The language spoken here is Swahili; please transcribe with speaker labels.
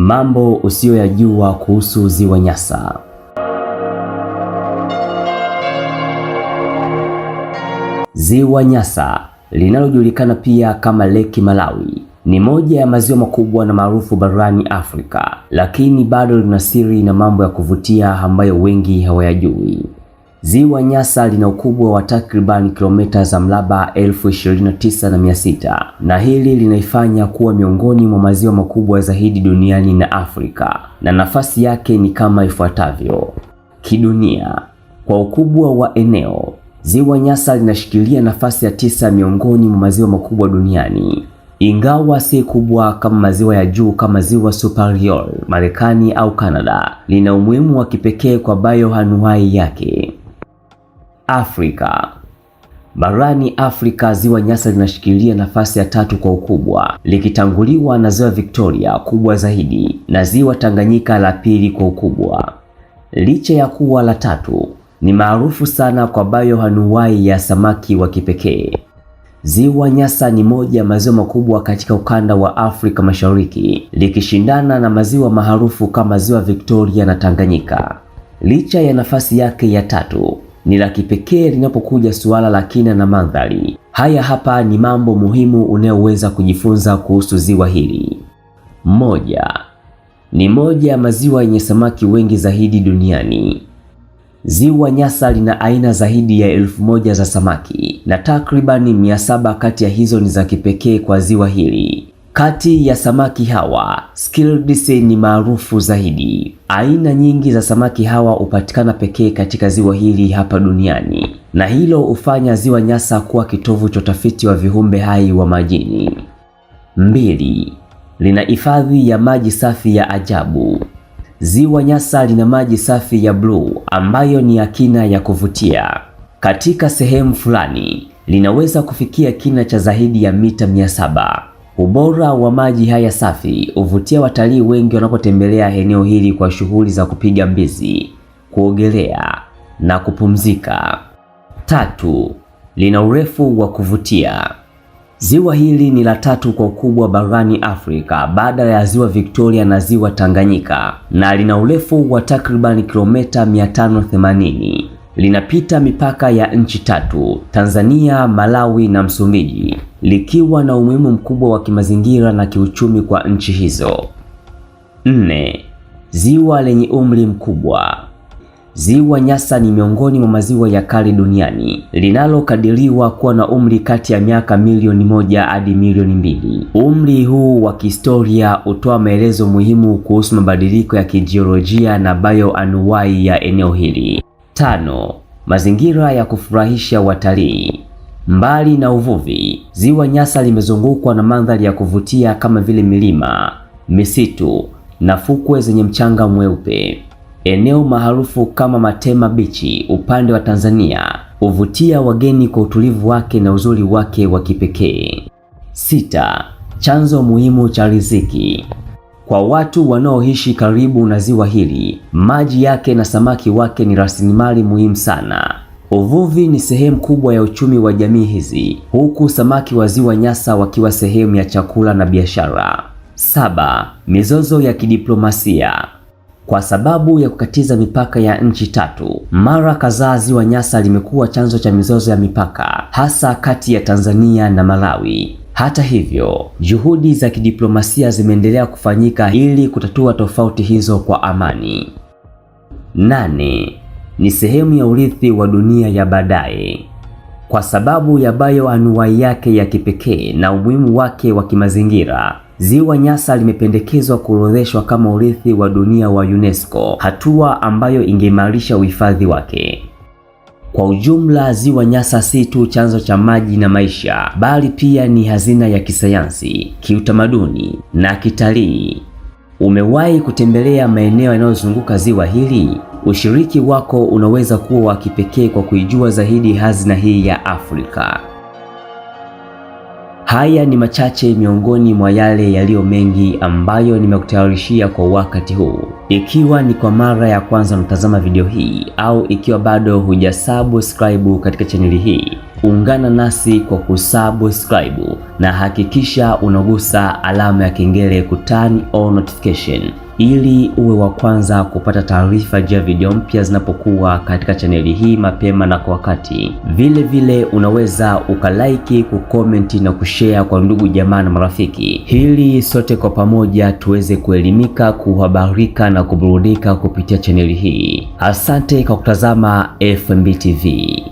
Speaker 1: Mambo usiyoyajua kuhusu Ziwa Nyasa. Ziwa Nyasa linalojulikana pia kama Lake Malawi ni moja ya maziwa makubwa na maarufu barani Afrika, lakini bado lina siri na mambo ya kuvutia ambayo wengi hawayajui. Ziwa Nyasa lina ukubwa wa takriban kilomita za mraba elfu na na hili linaifanya kuwa miongoni mwa maziwa makubwa zaidi duniani na Afrika, na nafasi yake ni kama ifuatavyo. Kidunia, kwa ukubwa wa eneo, Ziwa Nyasa linashikilia nafasi ya tisa miongoni mwa maziwa makubwa duniani, ingawa si kubwa kama maziwa ya juu kama Ziwa Superior Marekani au Kanada, lina umuhimu wa kipekee kwa bioanuwai yake. Afrika. Barani Afrika, ziwa Nyasa linashikilia nafasi ya tatu kwa ukubwa likitanguliwa na ziwa Victoria kubwa zaidi na ziwa Tanganyika la pili kwa ukubwa. Licha ya kuwa la tatu, ni maarufu sana kwa hanuwai ya samaki wa kipekee. Ziwa Nyasa ni moja ya maziwa makubwa katika ukanda wa Afrika Mashariki, likishindana na maziwa maarufu kama ziwa Victoria na Tanganyika. Licha ya nafasi yake ya tatu ni la kipekee linapokuja suala la kina na mandhari. Haya hapa ni mambo muhimu unayoweza kujifunza kuhusu ziwa hili. Moja, ni moja ya maziwa yenye samaki wengi zaidi duniani. Ziwa Nyasa lina aina zaidi ya elfu moja za samaki na takribani mia saba kati ya hizo ni za kipekee kwa ziwa hili. Kati ya samaki hawa Skildis ni maarufu zaidi. Aina nyingi za samaki hawa hupatikana pekee katika ziwa hili hapa duniani, na hilo hufanya ziwa Nyasa kuwa kitovu cha utafiti wa viumbe hai wa majini. Mbili, lina hifadhi ya maji safi ya ajabu. Ziwa Nyasa lina maji safi ya bluu ambayo ni ya kina ya kuvutia. Katika sehemu fulani linaweza kufikia kina cha zaidi ya mita mia saba. Ubora wa maji haya safi huvutia watalii wengi wanapotembelea eneo hili kwa shughuli za kupiga mbizi, kuogelea na kupumzika. Tatu, lina urefu wa kuvutia. Ziwa hili ni la tatu kwa ukubwa barani Afrika baada ya ziwa Victoria na ziwa Tanganyika na lina urefu wa takribani kilomita 580 linapita mipaka ya nchi tatu, Tanzania, Malawi na Msumbiji, likiwa na umuhimu mkubwa wa kimazingira na kiuchumi kwa nchi hizo. Nne, ziwa lenye umri mkubwa. Ziwa Nyasa ni miongoni mwa maziwa ya kale duniani linalokadiriwa kuwa na umri kati ya miaka milioni moja hadi milioni mbili. Umri huu wa kihistoria hutoa maelezo muhimu kuhusu mabadiliko ya kijiolojia na bayoanuwai ya eneo hili. Tano, mazingira ya kufurahisha watalii. Mbali na uvuvi, ziwa Nyasa limezungukwa na mandhari ya kuvutia kama vile milima, misitu na fukwe zenye mchanga mweupe. Eneo maarufu kama Matema Beach upande wa Tanzania huvutia wageni kwa utulivu wake na uzuri wake wa kipekee. Sita, chanzo muhimu cha riziki. Kwa watu wanaoishi karibu na ziwa hili, maji yake na samaki wake ni rasilimali muhimu sana. Uvuvi ni sehemu kubwa ya uchumi wa jamii hizi, huku samaki wa ziwa Nyasa wakiwa sehemu ya chakula na biashara. Saba, mizozo ya kidiplomasia. Kwa sababu ya kukatiza mipaka ya nchi tatu, mara kadhaa ziwa Nyasa limekuwa chanzo cha mizozo ya mipaka, hasa kati ya Tanzania na Malawi. Hata hivyo, juhudi za kidiplomasia zimeendelea kufanyika ili kutatua tofauti hizo kwa amani. Nane, ni sehemu ya urithi wa dunia ya baadaye. Kwa sababu ya bioanuwai yake ya kipekee na umuhimu wake wa kimazingira, Ziwa Nyasa limependekezwa kuorodheshwa kama urithi wa dunia wa UNESCO, hatua ambayo ingeimarisha uhifadhi wake. Kwa ujumla, ziwa Nyasa si tu chanzo cha maji na maisha, bali pia ni hazina ya kisayansi, kiutamaduni na kitalii. Umewahi kutembelea maeneo yanayozunguka ziwa hili? Ushiriki wako unaweza kuwa wa kipekee kwa kuijua zaidi hazina hii ya Afrika. Haya ni machache miongoni mwa yale yaliyo mengi ambayo nimekutayarishia kwa wakati huu. Ikiwa ni kwa mara ya kwanza unatazama video hii au ikiwa bado hujasubscribe katika chaneli hii, ungana nasi kwa kusubscribe na hakikisha unagusa alama ya kengele ku turn on notification ili uwe wa kwanza kupata taarifa juu ya video mpya zinapokuwa katika chaneli hii mapema na kwa wakati. Vile vile unaweza ukalaiki, kukomenti na kushare kwa ndugu jamaa na marafiki, hili sote kwa pamoja tuweze kuelimika, kuhabarika na kuburudika kupitia chaneli hii. Asante kwa kutazama FMB TV.